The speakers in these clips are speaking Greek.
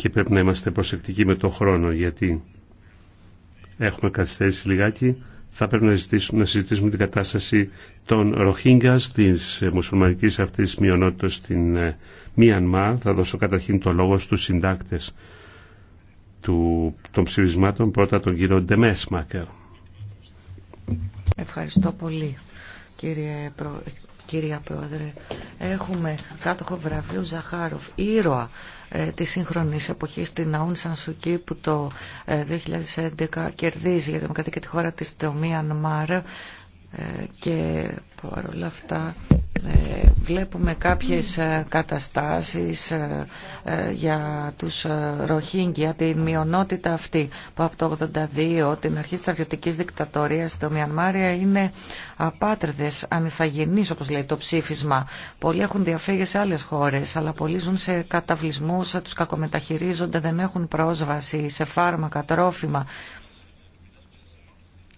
και πρέπει να είμαστε προσεκτικοί με το χρόνο γιατί έχουμε καθυστέρηση λιγάκι. Θα πρέπει να συζητήσουμε, να συζητήσουμε την κατάσταση των Ροχίνγκα, τη ε, μουσουλμανική αυτή μειονότητα στην ε, Μιανμά, Θα δώσω καταρχήν το λόγο στου συντάκτε των ψηφισμάτων, πρώτα τον κύριο Ντεμέσμακερ. Ευχαριστώ πολύ κύριε Κυρία Πρόεδρε, έχουμε κάτοχο βραβείου Ζαχάροφ, ήρωα ε, της σύγχρονης εποχής, την Αούν Σανσουκή που το 2011 ε, κερδίζει για τη Δημοκρατία και τη χώρα της το Μιανμάρ ε, και παρόλα αυτά ε, βλέπουμε κάποιες ε, καταστάσεις ε, για τους Ροχίνγκια, την μειονότητα αυτή που από το 82 την αρχή της στρατιωτικής δικτατορίας στο Μιανμάρια είναι απάτριδες, ανηθαγενείς όπως λέει το ψήφισμα. Πολλοί έχουν διαφύγει σε άλλες χώρες, αλλά πολλοί ζουν σε καταβλισμούς, τους κακομεταχειρίζονται, δεν έχουν πρόσβαση σε φάρμακα, τρόφιμα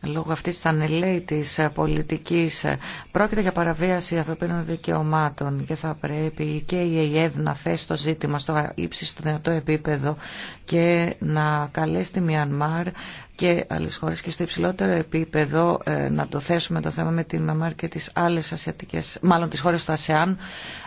λόγω αυτής της ανελαίτης πολιτικής πρόκειται για παραβίαση ανθρωπίνων δικαιωμάτων και θα πρέπει και η ΕΕΔ να θέσει το ζήτημα στο ύψιστο δυνατό επίπεδο και να καλέσει τη Μιανμάρ και άλλες χώρες και στο υψηλότερο επίπεδο ε, να το θέσουμε το θέμα με την ΜΑΜΑΡ και τις άλλες ασιατικές, μάλλον τις χώρες του ΑΣΕΑΝ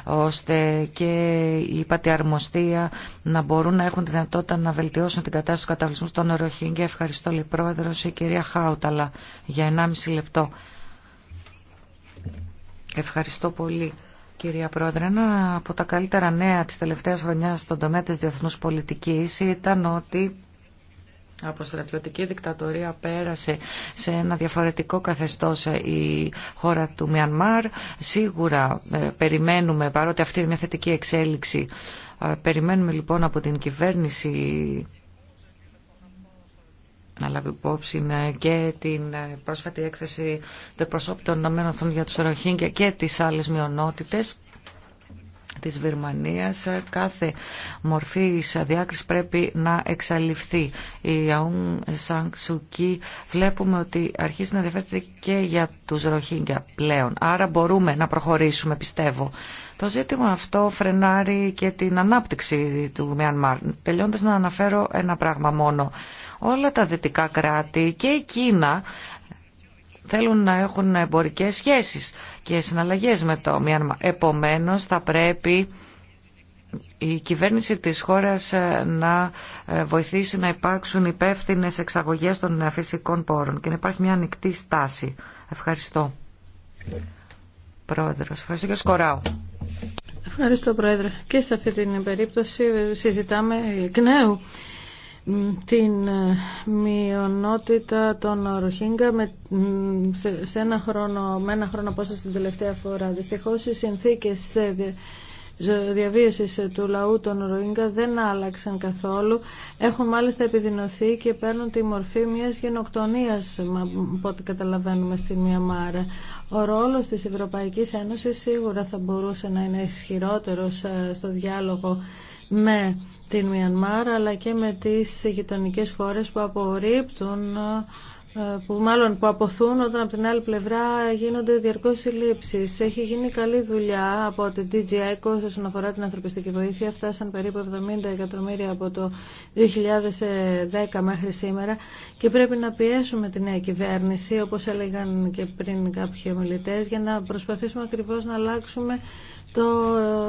ώστε και η πατιαρμοστία να μπορούν να έχουν τη δυνατότητα να βελτιώσουν την κατάσταση του καταβλισμού των και Ευχαριστώ λέει πρόεδρος η κυρία Χάουταλα για 1,5 λεπτό. Ευχαριστώ πολύ. Κυρία Πρόεδρε, ένα από τα καλύτερα νέα της τελευταίας χρονιάς στον τομέα της διεθνούς πολιτικής ήταν ότι από στρατιωτική δικτατορία πέρασε σε ένα διαφορετικό καθεστώς ε, η χώρα του Μιανμάρ. Σίγουρα ε, περιμένουμε, παρότι αυτή είναι μια θετική εξέλιξη, ε, περιμένουμε λοιπόν από την κυβέρνηση να λάβει υπόψη και την πρόσφατη έκθεση του προσώπων των ΗΠΑ για τους Ροχίνγκια και τις άλλες μειονότητες της Βυρμανίας. Κάθε μορφή διάκριση πρέπει να εξαλειφθεί. Η Αούν Σανξουκή βλέπουμε ότι αρχίζει να διαφέρει και για τους Ροχίνγκια πλέον. Άρα μπορούμε να προχωρήσουμε πιστεύω. Το ζήτημα αυτό φρενάρει και την ανάπτυξη του Μιανμάρ. Τελειώντας να αναφέρω ένα πράγμα μόνο. Όλα τα δυτικά κράτη και η Κίνα θέλουν να έχουν εμπορικές σχέσεις και συναλλαγές με το Μιάνμα. Επομένως θα πρέπει η κυβέρνηση της χώρας ε, να ε, βοηθήσει να υπάρξουν υπεύθυνε εξαγωγές των ε, φυσικών πόρων και να υπάρχει μια ανοιχτή στάση. Ευχαριστώ. Πρόεδρος, ευχαριστώ και Σκοράου. Ευχαριστώ Πρόεδρε. Και σε αυτή την περίπτωση συζητάμε εκ την ε, μειονότητα των Ροχίνγκα με, σε, ένα χρόνο, με ένα χρόνο την τελευταία φορά. Δυστυχώς οι συνθήκε διαβίωση του λαού των Ροχίνγκα δεν άλλαξαν καθόλου. Έχουν μάλιστα επιδεινωθεί και παίρνουν τη μορφή μια γενοκτονίας, από ό,τι καταλαβαίνουμε στη Μιαμάρα. Ο ρόλος της Ευρωπαϊκής Ένωση σίγουρα θα μπορούσε να είναι ισχυρότερο ε, στο διάλογο με την Μιανμάρ αλλά και με τις γειτονικέ χώρες που απορρίπτουν ε, που μάλλον που αποθούν όταν από την άλλη πλευρά γίνονται διαρκώς συλλήψεις. Έχει γίνει καλή δουλειά από την DG όσον αφορά την ανθρωπιστική βοήθεια. Φτάσαν περίπου 70 εκατομμύρια από το 2010 μέχρι σήμερα και πρέπει να πιέσουμε την νέα κυβέρνηση όπως έλεγαν και πριν κάποιοι ομιλητέ, για να προσπαθήσουμε ακριβώς να αλλάξουμε το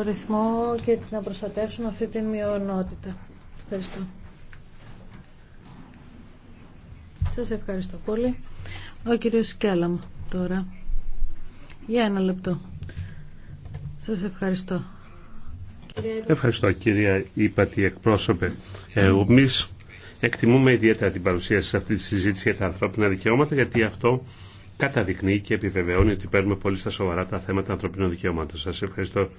ρυθμό και να προστατεύσουμε αυτή την μειονότητα. Ευχαριστώ. Σας ευχαριστώ πολύ. Ο κύριος Κέλαμ τώρα. Για ένα λεπτό. Σας ευχαριστώ. Ευχαριστώ κυρία Ήπατη εκπρόσωπε. Εμεί εκτιμούμε ιδιαίτερα την παρουσία σας σε αυτή τη συζήτηση για τα ανθρώπινα δικαιώματα γιατί αυτό καταδεικνύει και επιβεβαιώνει ότι παίρνουμε πολύ στα σοβαρά τα θέματα ανθρωπίνων δικαιωμάτων. Σας ευχαριστώ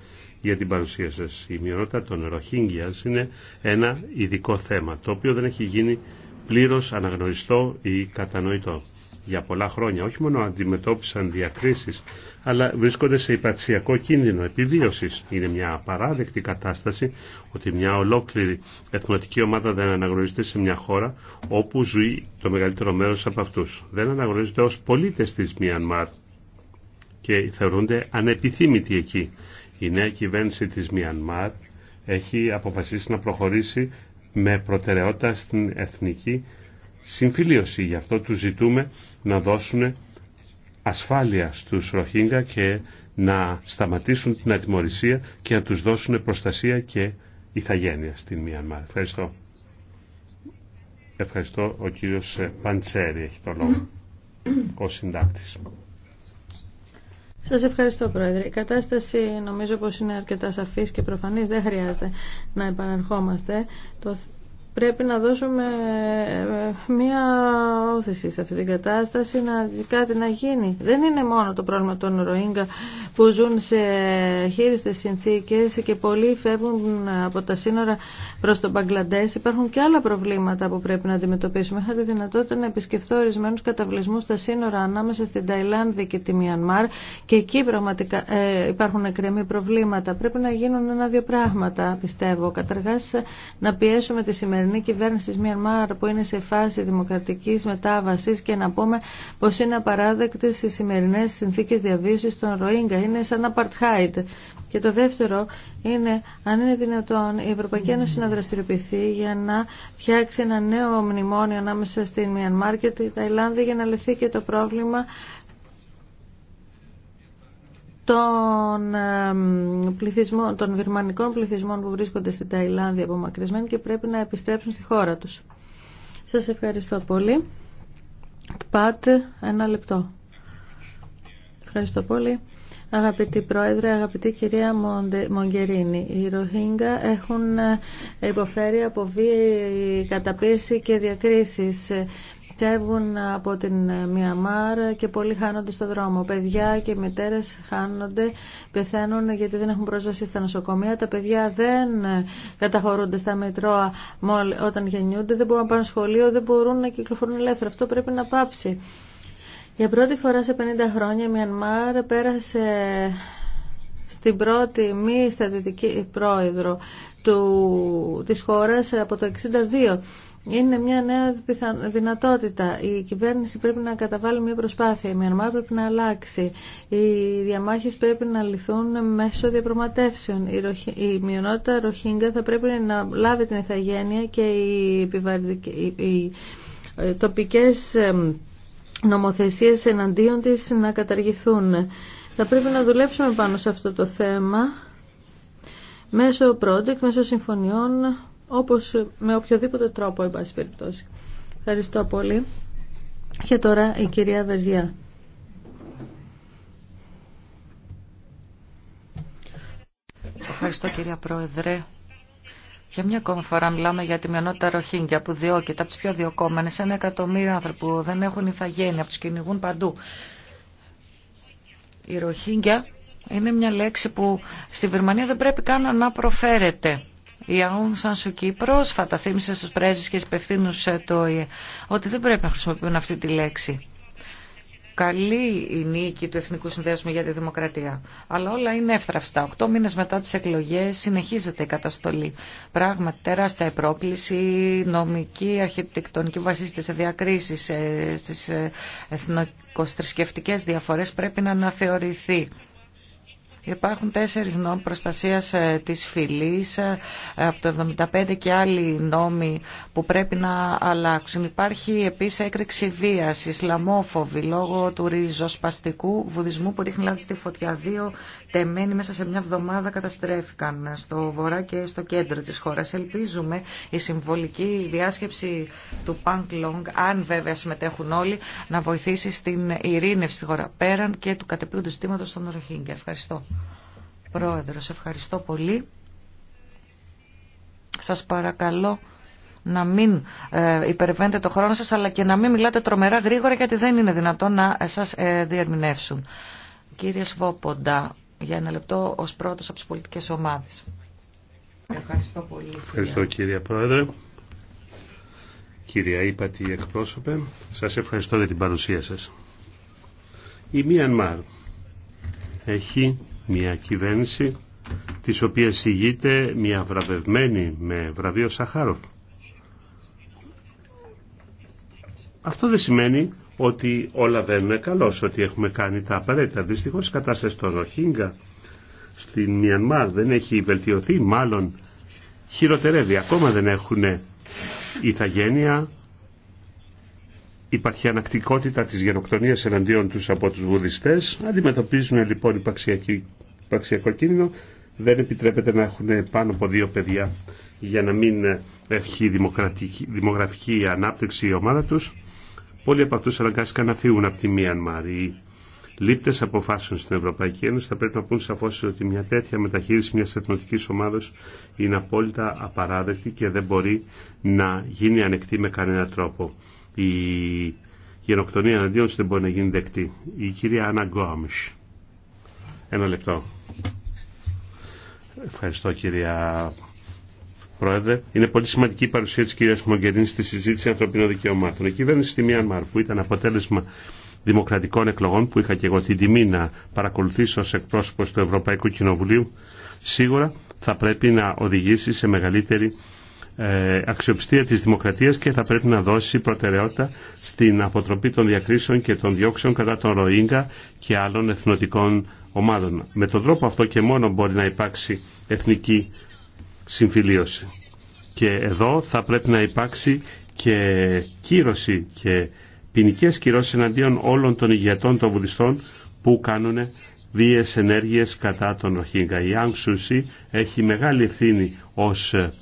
για την παρουσία σας. Η μειονότητα των Ροχίνγκιας είναι ένα ειδικό θέμα, το οποίο δεν έχει γίνει πλήρως αναγνωριστό ή κατανοητό. Για πολλά χρόνια όχι μόνο αντιμετώπισαν διακρίσεις, αλλά βρίσκονται σε υπαρξιακό κίνδυνο επιβίωσης. Είναι μια απαράδεκτη κατάσταση ότι μια ολόκληρη εθνοτική ομάδα δεν αναγνωρίζεται σε μια χώρα όπου ζει το μεγαλύτερο μέρος από αυτούς. Δεν αναγνωρίζονται ως πολίτες της Μιανμάρ και θεωρούνται ανεπιθύμητοι εκεί. Η νέα κυβέρνηση της Μιανμάρ έχει αποφασίσει να προχωρήσει με προτεραιότητα στην εθνική συμφιλίωση. Γι' αυτό τους ζητούμε να δώσουν ασφάλεια στους Ροχίνγκα και να σταματήσουν την ατιμορρησία και να τους δώσουν προστασία και ηθαγένεια στην Μιανμάρ. Ευχαριστώ. Ευχαριστώ. Ο κύριος Παντσέρη έχει το λόγο ο συντάκτης. Σας ευχαριστώ Πρόεδρε. Η κατάσταση νομίζω πως είναι αρκετά σαφής και προφανής. Δεν χρειάζεται να επαναρχόμαστε. Το Πρέπει να δώσουμε ε, μία όθηση σε αυτή την κατάσταση, να κάτι να γίνει. Δεν είναι μόνο το πρόβλημα των Ροίγκα που ζουν σε χείριστες συνθήκες και πολλοί φεύγουν από τα σύνορα προς τον Μπαγκλαντές. Υπάρχουν και άλλα προβλήματα που πρέπει να αντιμετωπίσουμε. Είχα τη δυνατότητα να επισκεφθώ ορισμένου καταβλισμούς στα σύνορα ανάμεσα στην Ταϊλάνδη και τη Μιανμάρ και εκεί πραγματικά ε, υπάρχουν εκκρεμή προβλήματα. Πρέπει να γίνουν ένα-δύο πράγματα, πιστεύω. Καταρχάς να πιέσουμε τη σημερινή σημερινή κυβέρνηση της Μιανμάρ που είναι σε φάση δημοκρατικής μετάβασης και να πούμε πως είναι απαράδεκτες οι σημερινές συνθήκες διαβίωσης των Ροίγκα. Είναι σαν απαρτχάιτ. Και το δεύτερο είναι αν είναι δυνατόν η Ευρωπαϊκή Ένωση να δραστηριοποιηθεί για να φτιάξει ένα νέο μνημόνιο ανάμεσα στην Μιανμάρ και τη Ταϊλάνδη για να λυθεί και το πρόβλημα των, πληθυσμών, των πληθυσμών που βρίσκονται στην Ταϊλάνδη απομακρυσμένοι και πρέπει να επιστρέψουν στη χώρα τους. Σας ευχαριστώ πολύ. Πάτε ένα λεπτό. Ευχαριστώ πολύ. Αγαπητή Πρόεδρε, αγαπητή κυρία Μογκερίνη, οι Ροχίνγκα έχουν ε, υποφέρει από βίαιη καταπίεση και διακρίσεις φεύγουν από την Μιαμάρ και πολλοί χάνονται στο δρόμο. Παιδιά και μητέρες χάνονται, πεθαίνουν γιατί δεν έχουν πρόσβαση στα νοσοκομεία. Τα παιδιά δεν καταχωρούνται στα μετρώα όταν γεννιούνται, δεν μπορούν να πάνε σχολείο, δεν μπορούν να κυκλοφορούν ελεύθερα. Αυτό πρέπει να πάψει. Για πρώτη φορά σε 50 χρόνια η Μιανμάρ πέρασε στην πρώτη μη στρατιωτική πρόεδρο του, της χώρας από το 1962 είναι μια νέα δυνατότητα. Η κυβέρνηση πρέπει να καταβάλει μια προσπάθεια. Η Μιανμά πρέπει να αλλάξει. Οι διαμάχες πρέπει να λυθούν μέσω διαπραγματεύσεων. Η, η μειονότητα Ροχίνγκα θα πρέπει να λάβει την ηθαγένεια και οι, οι ε, τοπικές νομοθεσίες εναντίον της να καταργηθούν. Θα πρέπει να δουλέψουμε πάνω σε αυτό το θέμα μέσω project, μέσω συμφωνιών όπως με οποιοδήποτε τρόπο, εν πάση περιπτώσει. Ευχαριστώ πολύ. Και τώρα η κυρία Βεζιά. Ευχαριστώ κυρία Πρόεδρε. Για μια ακόμη φορά μιλάμε για τη μειονότητα Ροχίνγκια που διώκεται από τι πιο διωκόμενε. Ένα εκατομμύριο άνθρωποι που δεν έχουν ηθαγένεια, που του κυνηγούν παντού. Η Ροχίνγκια είναι μια λέξη που στη Βερμανία δεν πρέπει καν να προφέρεται. Η Αούν Σανσουκή πρόσφατα θύμισε στους πρέσβεις και υπευθύνους ε, το ότι δεν πρέπει να χρησιμοποιούν αυτή τη λέξη. Καλή η νίκη του Εθνικού Συνδέσμου για τη Δημοκρατία. Αλλά όλα είναι εύθραυστα. Οκτώ μήνες μετά τις εκλογές συνεχίζεται η καταστολή. Πράγματι, τεράστια επρόκληση νομική, αρχιτεκτονική βασίζεται σε διακρίσεις, ε, στις ε, εθνοκοστρισκευτικές διαφορές πρέπει να αναθεωρηθεί. Υπάρχουν τέσσερις νόμοι προστασίας ε, της φυλής ε, από το 1975 και άλλοι νόμοι που πρέπει να αλλάξουν. Υπάρχει επίσης έκρηξη βίας, ισλαμόφοβη, λόγω του ριζοσπαστικού βουδισμού που ρίχνει λάδι στη φωτιά. Δύο τεμένοι μέσα σε μια εβδομάδα καταστρέφηκαν στο βορρά και στο κέντρο της χώρας. Ελπίζουμε η συμβολική διάσκεψη του Πανκ Λόγκ, αν βέβαια συμμετέχουν όλοι, να βοηθήσει στην ειρήνευση στη χώρα πέραν και του κατεπίου του ζητήματος των Ροχίνγκ. Ευχαριστώ. Πρόεδρος, ευχαριστώ πολύ. Σας παρακαλώ να μην ε, υπερβαίνετε το χρόνο σας, αλλά και να μην μιλάτε τρομερά γρήγορα, γιατί δεν είναι δυνατόν να σας ε, διερμηνεύσουν. Κύριε Σβόποντα, για ένα λεπτό ως πρώτος από τις πολιτικές ομάδες. Ευχαριστώ πολύ. Ευχαριστώ κύριε Πρόεδρε. Κυρία Ήπατη εκπρόσωπε, σας ευχαριστώ για την παρουσία σας. Η Μιανμάρ έχει μια κυβέρνηση της οποίας ηγείται μια βραβευμένη με βραβείο Σαχάρο. Αυτό δεν σημαίνει ότι όλα δεν είναι ότι έχουμε κάνει τα απαραίτητα. Δυστυχώς η κατάσταση των Ροχίνγκα στην Μιανμάρ δεν έχει βελτιωθεί, μάλλον χειροτερεύει. Ακόμα δεν έχουν ηθαγένεια, υπάρχει ανακτικότητα της γενοκτονίας εναντίον τους από τους βουδιστές. Αντιμετωπίζουν λοιπόν υπαξιακό κίνδυνο. Δεν επιτρέπεται να έχουν πάνω από δύο παιδιά για να μην ευχεί δημογραφική ανάπτυξη η ομάδα τους. Πολλοί από αυτούς αναγκάστηκαν να φύγουν από τη Μιανμάρ. Οι λήπτες αποφάσεων στην Ευρωπαϊκή Ένωση θα πρέπει να πούν σαφώς ότι μια τέτοια μεταχείριση μιας εθνοτικής ομάδας είναι απόλυτα απαράδεκτη και δεν μπορεί να γίνει ανεκτή με κανένα τρόπο η γενοκτονία εναντίον δεν μπορεί να γίνει δεκτή. Η κυρία Άννα Ένα λεπτό. Ευχαριστώ κυρία Πρόεδρε. Είναι πολύ σημαντική η παρουσία τη κυρία Μογκερίνη στη συζήτηση ανθρωπίνων δικαιωμάτων. Η κυβέρνηση στη Μιανμάρ που ήταν αποτέλεσμα δημοκρατικών εκλογών που είχα και εγώ την τιμή να παρακολουθήσω ως εκπρόσωπος του Ευρωπαϊκού Κοινοβουλίου σίγουρα θα πρέπει να οδηγήσει σε μεγαλύτερη ε, αξιοπιστία της δημοκρατίας και θα πρέπει να δώσει προτεραιότητα στην αποτροπή των διακρίσεων και των διώξεων κατά των Ροίγκα και άλλων εθνοτικών ομάδων. Με τον τρόπο αυτό και μόνο μπορεί να υπάρξει εθνική συμφιλίωση. Και εδώ θα πρέπει να υπάρξει και κύρωση και ποινικέ κυρώσει εναντίον όλων των ηγετών των βουδιστών που κάνουν βίες ενέργειες κατά τον Ροχίγκα. Η άγξουση έχει μεγάλη ευθύνη ως ε,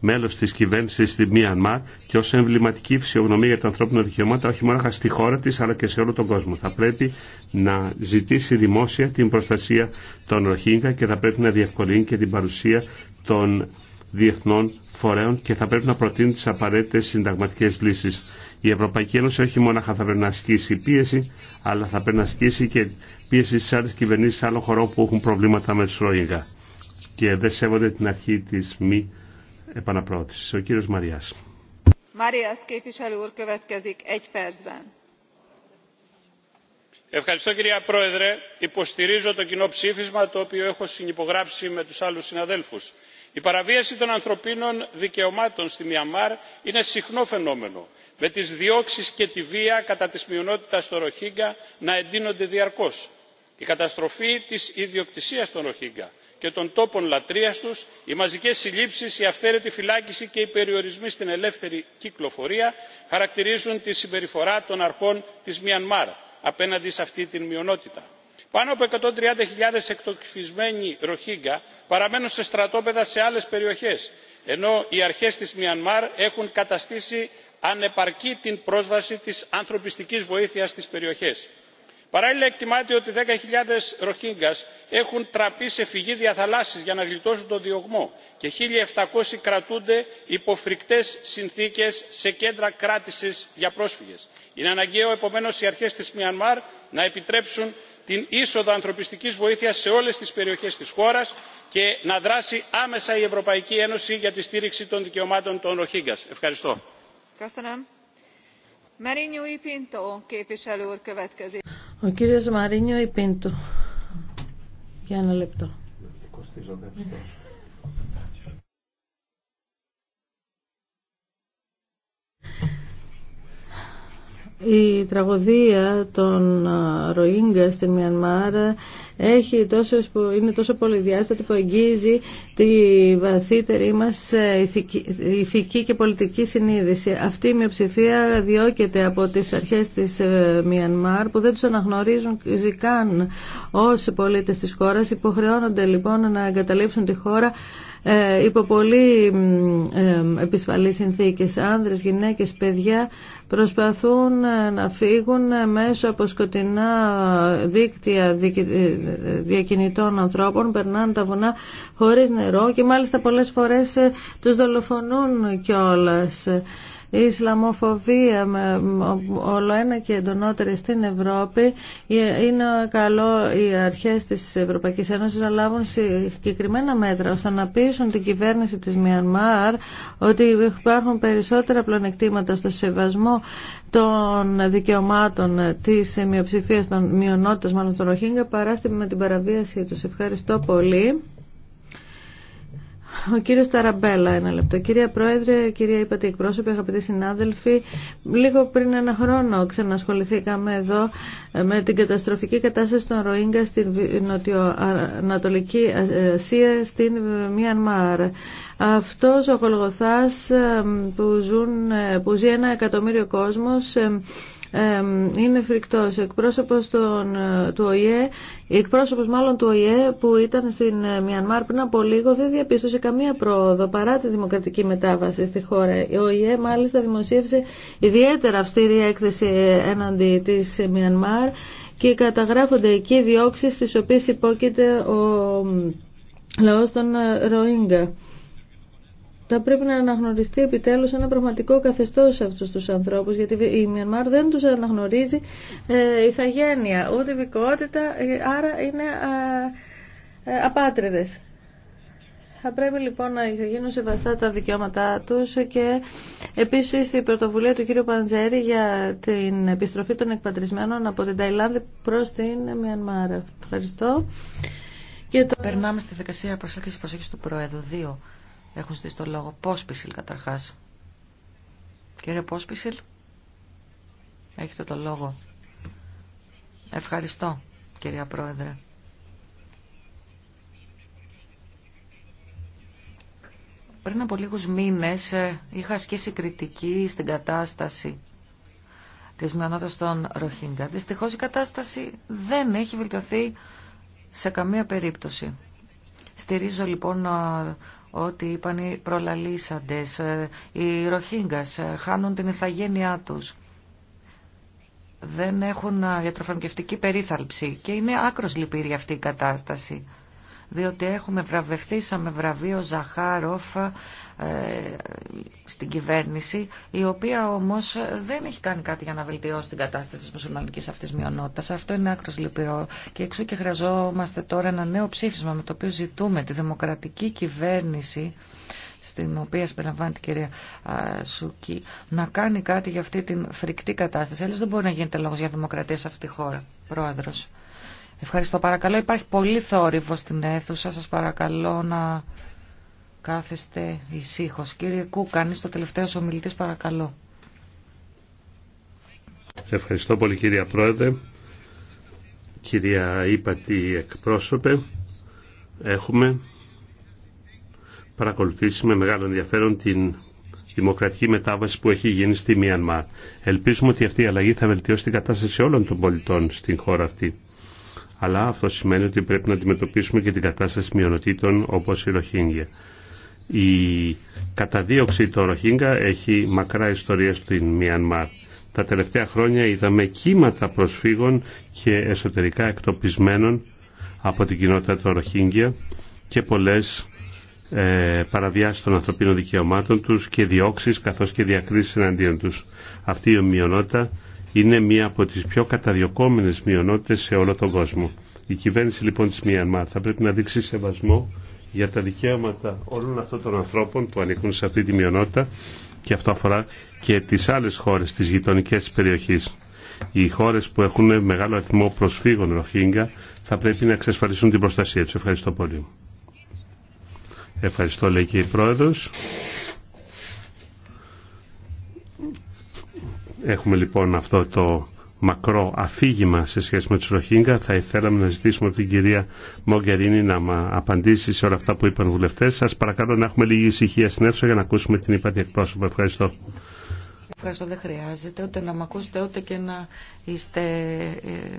μέλος της κυβέρνησης στη Μιανμά και ως εμβληματική φυσιογνωμία για τα ανθρώπινα δικαιώματα όχι μόνο στη χώρα της αλλά και σε όλο τον κόσμο. Θα πρέπει να ζητήσει δημόσια την προστασία των Ροχίνγκα και θα πρέπει να διευκολύνει και την παρουσία των διεθνών φορέων και θα πρέπει να προτείνει τις απαραίτητες συνταγματικές λύσεις. Η Ευρωπαϊκή Ένωση όχι μόνο θα πρέπει να ασκήσει πίεση, αλλά θα πρέπει να ασκήσει και πίεση στις άλλες κυβερνήσεις άλλων χωρών που έχουν προβλήματα με τους Ρόγιγκα και δεν σέβονται την αρχή της μη επαναπρόθεσης. Ο κύριος Μαριάς. Μαριάς, Ευχαριστώ κυρία Πρόεδρε. Υποστηρίζω το κοινό ψήφισμα το οποίο έχω συνυπογράψει με τους άλλους συναδέλφους. Η παραβίαση των ανθρωπίνων δικαιωμάτων στη Μιαμάρ είναι συχνό φαινόμενο, με τις διώξεις και τη βία κατά της μειονότητας των Ροχίγκα να εντείνονται διαρκώς. Η καταστροφή της ιδιοκτησίας των Ροχίγκα και των τόπων λατρείας τους οι μαζικές συλλήψεις η αυθαίρετη φυλάκιση και οι περιορισμοί στην ελεύθερη κυκλοφορία χαρακτηρίζουν τη συμπεριφορά των αρχών της μιανμάρ απέναντι σε αυτή την μειονότητα. πάνω από 130.000 εκτοπισμένοι ροχίγκα παραμένουν σε στρατόπεδα σε άλλες περιοχές ενώ οι αρχές της μιανμάρ έχουν καταστήσει ανεπαρκή την πρόσβαση της ανθρωπιστικής βοήθειας στις περιοχές παράλληλα εκτιμάται ότι 10.000 χιλιάδες έχουν τραπεί σε φυγή διαθαλάσσης για να γλιτώσουν τον διωγμό και 1.700 κρατούνται υπό φρικτές συνθήκες σε κέντρα κράτησης για πρόσφυγες. είναι αναγκαίο επομένως οι αρχές της μιανμάρ να επιτρέψουν την είσοδο ανθρωπιστικής βοήθεια σε όλες τις περιοχές της χώρας και να δράσει άμεσα η ευρωπαϊκή ένωση για τη στήριξη των δικαιωμάτων των ροχίνγκα. ευχαριστώ. Ο κύριος Μαρίνιο Ιππίντου. Για ένα λεπτό. Η τραγωδία των Ροίγκα στη Μιανμάρ έχει τόσες που είναι τόσο πολυδιάστατη που εγγύζει τη βαθύτερη μας ε, ηθική, ηθική και πολιτική συνείδηση. Αυτή η μειοψηφία διώκεται από τις αρχές της ε, Μιανμάρ που δεν τους αναγνωρίζουν καν ως πολίτες της χώρας. Υποχρεώνονται λοιπόν να εγκαταλείψουν τη χώρα ε, υπό πολύ ε, επισφαλείς συνθήκες. Άνδρες, γυναίκες, παιδιά προσπαθούν ε, να φύγουν μέσω από σκοτεινά δίκτυα διακινητών ανθρώπων, περνάνε τα βουνά χωρίς νερό και μάλιστα πολλές φορές τους δολοφονούν κιόλας η Ισλαμοφοβία όλο ένα και εντονότερη στην Ευρώπη είναι καλό οι αρχές της Ευρωπαϊκής Ένωσης να λάβουν συγκεκριμένα μέτρα ώστε να πείσουν την κυβέρνηση της Μιανμάρ ότι υπάρχουν περισσότερα πλονεκτήματα στο σεβασμό των δικαιωμάτων της μειοψηφίας των μειονότητας μάλλον των Ροχίνγκα παρά με την παραβίασή τους. Ευχαριστώ πολύ. Ο κύριο Ταραμπέλα, ένα λεπτό. Κυρία Πρόεδρε, κυρία Υπατή Εκπρόσωπη, αγαπητοί συνάδελφοι, λίγο πριν ένα χρόνο ξανασχοληθήκαμε εδώ με την καταστροφική κατάσταση των Ροίγκα στην Νοτιοανατολική Ασία, στην Μιανμάρ. Αυτό ο Γολγοθά που, ε, που ζει ένα εκατομμύριο κόσμο είναι φρικτός. εκπρόσωπος των, ε, του ΟΗΕ, εκπρόσωπος μάλλον του ΟΗΕ που ήταν στην ε, Μιανμάρ πριν από λίγο δεν διαπίστωσε καμία πρόοδο παρά τη δημοκρατική μετάβαση στη χώρα. Ο ΟΗΕ μάλιστα δημοσίευσε ιδιαίτερα αυστηρή έκθεση ε, έναντι της Μιανμάρ και καταγράφονται εκεί διώξεις στις οποίες υπόκειται ο λαός των Ροίγκα θα πρέπει να αναγνωριστεί επιτέλους ένα πραγματικό καθεστώς σε αυτούς τους ανθρώπους γιατί η Μιανμάρ δεν τους αναγνωρίζει ε, ηθαγένεια ούτε βικότητα ε, άρα είναι ε, απάτριδες. Θα πρέπει λοιπόν να γίνουν σεβαστά τα δικαιώματά τους και επίσης η πρωτοβουλία του κύριου Πανζέρη για την επιστροφή των εκπατρισμένων από την Ταϊλάνδη προς την Μιανμάρα. Ευχαριστώ. Και το... Περνάμε στη δικασία προσέγγισης προσέγγισης του Προέδρου. 2 έχουν στήσει το λόγο. Πόσπισιλ καταρχά. Κύριε Πόσπισιλ, έχετε το λόγο. Ευχαριστώ, κυρία Πρόεδρε. Πριν από λίγους μήνες ε, είχα ασκήσει κριτική στην κατάσταση της μειονότητας των Ροχίνγκα. Δυστυχώς η κατάσταση δεν έχει βελτιωθεί σε καμία περίπτωση. Στηρίζω λοιπόν ό,τι είπαν οι προλαλήσαντες, ε, οι ροχίγκας ε, χάνουν την ηθαγένειά τους. Δεν έχουν ε, ιατροφαρμακευτική περίθαλψη και είναι άκρος λυπηρή αυτή η κατάσταση διότι έχουμε βραβευτεί σαν βραβείο Ζαχάροφ ε, στην κυβέρνηση, η οποία όμως δεν έχει κάνει κάτι για να βελτιώσει την κατάσταση της μουσουλμανικής αυτής μειονότητας. Αυτό είναι άκρος λυπηρό και εξού και χρειαζόμαστε τώρα ένα νέο ψήφισμα με το οποίο ζητούμε τη δημοκρατική κυβέρνηση στην οποία συμπεριλαμβάνεται την κυρία Σουκή, να κάνει κάτι για αυτή την φρικτή κατάσταση. Έλληνες δεν μπορεί να γίνεται λόγος για δημοκρατία σε αυτή τη χώρα, πρόεδρος. Ευχαριστώ παρακαλώ. Υπάρχει πολύ θόρυβο στην αίθουσα. Σας παρακαλώ να κάθεστε ησύχως. Κύριε Κού, είστε ο τελευταίο ομιλητής παρακαλώ. Ευχαριστώ πολύ κύριε Πρόεδρε. Κυρία Ήπατη εκπρόσωπε, έχουμε παρακολουθήσει με μεγάλο ενδιαφέρον την δημοκρατική μετάβαση που έχει γίνει στη Μιανμά. Ελπίζουμε ότι αυτή η αλλαγή θα βελτιώσει την κατάσταση όλων των πολιτών στην χώρα αυτή αλλά αυτό σημαίνει ότι πρέπει να αντιμετωπίσουμε και την κατάσταση μειονοτήτων όπως η Ροχίνγκια. Η καταδίωξη των Ροχίνγκα έχει μακρά ιστορία στην Μιανμάρ. Τα τελευταία χρόνια είδαμε κύματα προσφύγων και εσωτερικά εκτοπισμένων από την κοινότητα των Ροχίνγκια και πολλές ε, παραβιάσεις των ανθρωπίνων δικαιωμάτων τους και διώξεις καθώς και διακρίσεις εναντίον τους. Αυτή η ομοιονότητα είναι μία από τις πιο καταδιωκόμενες μειονότητες σε όλο τον κόσμο. Η κυβέρνηση λοιπόν της Μιανμάρ θα πρέπει να δείξει σεβασμό για τα δικαίωματα όλων αυτών των ανθρώπων που ανήκουν σε αυτή τη μειονότητα και αυτό αφορά και τις άλλες χώρες της γειτονικές περιοχής. Οι χώρες που έχουν μεγάλο αριθμό προσφύγων Ροχίνγκα θα πρέπει να εξασφαλίσουν την προστασία τους. Ευχαριστώ πολύ. Ευχαριστώ λέει και η Πρόεδρος. Έχουμε λοιπόν αυτό το μακρό αφήγημα σε σχέση με τους Ροχίνγκα. Θα ήθελα να ζητήσουμε την κυρία Μογκερίνη να μα απαντήσει σε όλα αυτά που είπαν οι βουλευτές. Σας παρακαλώ να έχουμε λίγη ησυχία στην για να ακούσουμε την υπάτη εκπρόσωπο. Ευχαριστώ. Ευχαριστώ. Δεν χρειάζεται ούτε να με ακούσετε ούτε και να είστε ε,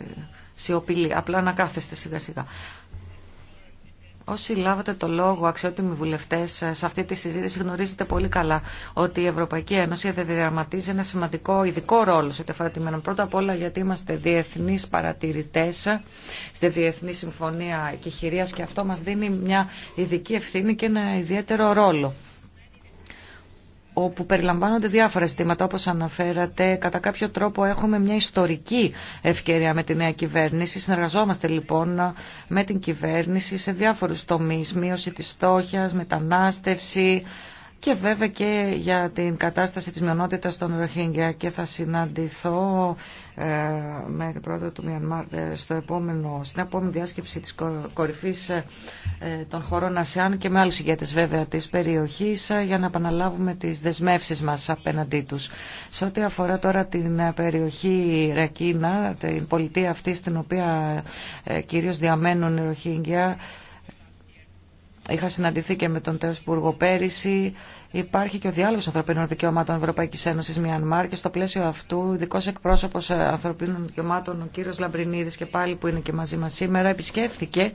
σιωπηλοί. Απλά να κάθεστε σιγά σιγά. Όσοι λάβατε το λόγο, αξιότιμοι βουλευτέ, ε, σε αυτή τη συζήτηση γνωρίζετε πολύ καλά ότι η Ευρωπαϊκή Ένωση δεν διαδραματίζει ένα σημαντικό ειδικό ρόλο σε ό,τι αφορά Πρώτα απ' όλα γιατί είμαστε διεθνεί παρατηρητέ ε, στη Διεθνή Συμφωνία Εκεχηρία και αυτό μα δίνει μια ειδική ευθύνη και ένα ιδιαίτερο ρόλο όπου περιλαμβάνονται διάφορα αισθήματα όπως αναφέρατε. Κατά κάποιο τρόπο έχουμε μια ιστορική ευκαιρία με τη νέα κυβέρνηση. Συνεργαζόμαστε λοιπόν με την κυβέρνηση σε διάφορους τομείς, μείωση της στόχιας, μετανάστευση, και βέβαια και για την κατάσταση της μειονότητας των Ροχίνγκια και θα συναντηθώ ε, με την πρόεδρο του Μιανμάρ ε, στο επόμενο, στην επόμενη διάσκεψη της κορυφής ε, των χωρών Ασιαν και με άλλους ηγέτες βέβαια της περιοχής για να επαναλάβουμε τις δεσμεύσεις μας απέναντί τους. Σε ό,τι αφορά τώρα την περιοχή Ρακίνα, την πολιτεία αυτή στην οποία κυρίως διαμένουν οι Ροχίνγκια, Είχα συναντηθεί και με τον Τέο Υπουργό πέρυσι. Υπάρχει και ο διάλογο ανθρωπίνων δικαιωμάτων Ευρωπαϊκή Ένωση Μιανμάρ και στο πλαίσιο αυτού, ο ειδικό εκπρόσωπο ε, ανθρωπίνων δικαιωμάτων, ο κύριο Λαμπρινίδη και πάλι που είναι και μαζί μα σήμερα, επισκέφθηκε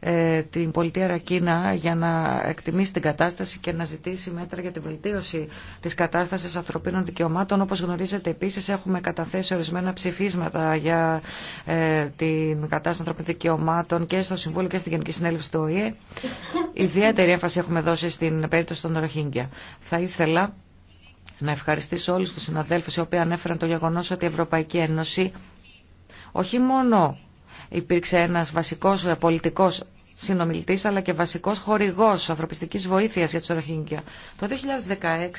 ε, την πολιτεία Ρακίνα για να εκτιμήσει την κατάσταση και να ζητήσει μέτρα για την βελτίωση της κατάστασης ανθρωπίνων δικαιωμάτων. Όπως γνωρίζετε επίσης έχουμε καταθέσει ορισμένα ψηφίσματα για ε, την κατάσταση ανθρωπίνων δικαιωμάτων και στο Συμβούλιο και στην Γενική Συνέλευση του ΟΗΕ. Ιδιαίτερη έμφαση έχουμε δώσει στην περίπτωση των Ροχίνγκια. Θα ήθελα να ευχαριστήσω όλους τους συναδέλφους οι οποίοι ανέφεραν το γεγονό ότι η Ευρωπαϊκή Ένωση όχι μόνο υπήρξε ένας βασικός πολιτικός συνομιλητής αλλά και βασικός χορηγός ανθρωπιστικής βοήθειας για τους Ροχίνγκια. Το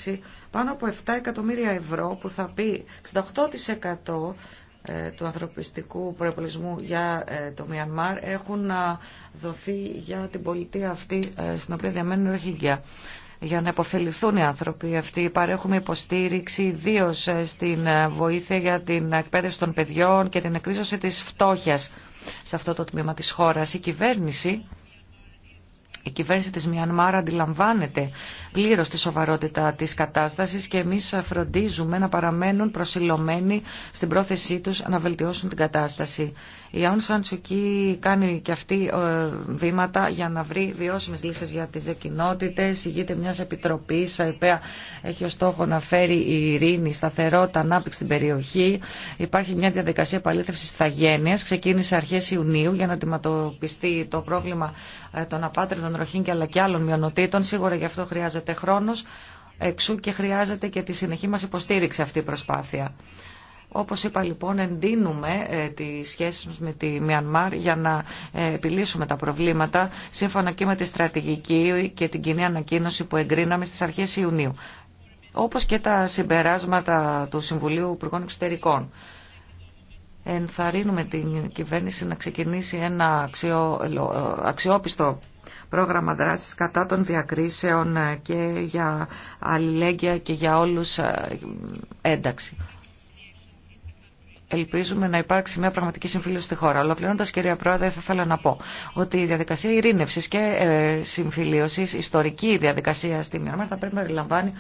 2016 πάνω από 7 εκατομμύρια ευρώ που θα πει 68% ε, του ανθρωπιστικού προεπολισμού για ε, το Μιανμάρ έχουν δοθεί για την πολιτεία αυτή ε, στην οποία διαμένουν Ροχίνγκια για να υποφεληθούν οι άνθρωποι αυτοί. Παρέχουμε υποστήριξη ιδίω ε, στην ε, βοήθεια για την εκπαίδευση των παιδιών και την εκρίζωση της φτώχειας σε αυτό το τμήμα της χώρας. Η κυβέρνηση η κυβέρνηση της Μιανμάρ αντιλαμβάνεται πλήρως τη σοβαρότητα της κατάστασης και εμείς φροντίζουμε να παραμένουν προσιλωμένοι στην πρόθεσή τους να βελτιώσουν την κατάσταση. Η Αουν Σαντσουκή κάνει και αυτή ε, βήματα για να βρει βιώσιμες λύσεις για τις δεκοινότητες, ηγείται μιας επιτροπής, η οποία έχει ως στόχο να φέρει η ειρήνη, η σταθερότητα, ανάπτυξη στην περιοχή. Υπάρχει μια διαδικασία επαλήθευσης θαγένειας, ξεκίνησε αρχές Ιουνίου για να αντιμετωπιστεί το πρόβλημα ε, των Ροχίνγκια αλλά και άλλων μειονοτήτων. Σίγουρα γι' αυτό χρειάζεται χρόνος, εξού και χρειάζεται και τη συνεχή μας υποστήριξη αυτή η προσπάθεια. Όπως είπα λοιπόν εντείνουμε ε, τι σχέσει μας με τη Μιανμάρ για να ε, επιλύσουμε τα προβλήματα σύμφωνα και με τη στρατηγική και την κοινή ανακοίνωση που εγκρίναμε στις αρχές Ιουνίου. Όπω και τα συμπεράσματα του Συμβουλίου Υπουργών Εξωτερικών. Ενθαρρύνουμε την κυβέρνηση να ξεκινήσει ένα ε, αξιόπιστο πρόγραμμα δράσης κατά των διακρίσεων και για αλληλέγγυα και για όλους ε, ένταξη. Ελπίζουμε να υπάρξει μια πραγματική συμφιλίωση στη χώρα. Ολοκληρώνοντα, κυρία Πρόεδρε, θα ήθελα να πω ότι η διαδικασία ειρήνευση και ε, συμφιλίωση, ιστορική διαδικασία στη Μιανμάρ, θα πρέπει να περιλαμβάνει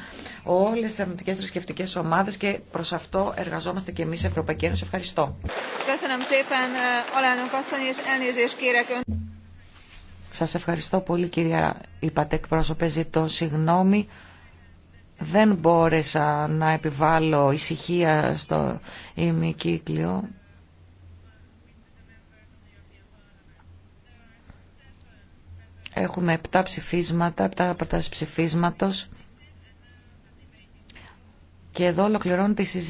όλε τι αρνητικέ θρησκευτικέ ομάδε και προ αυτό εργαζόμαστε και εμεί, Ευρωπαϊκή Ένωση. Ευχαριστώ. Σας ευχαριστώ πολύ κυρία Ιπατέκ εκπρόσωπε ζητώ συγγνώμη. Δεν μπόρεσα να επιβάλλω ησυχία στο ημικύκλιο. Έχουμε 7 ψηφίσματα, 7 προτάσεις ψηφίσματος. Και εδώ ολοκληρώνεται η συζήτηση.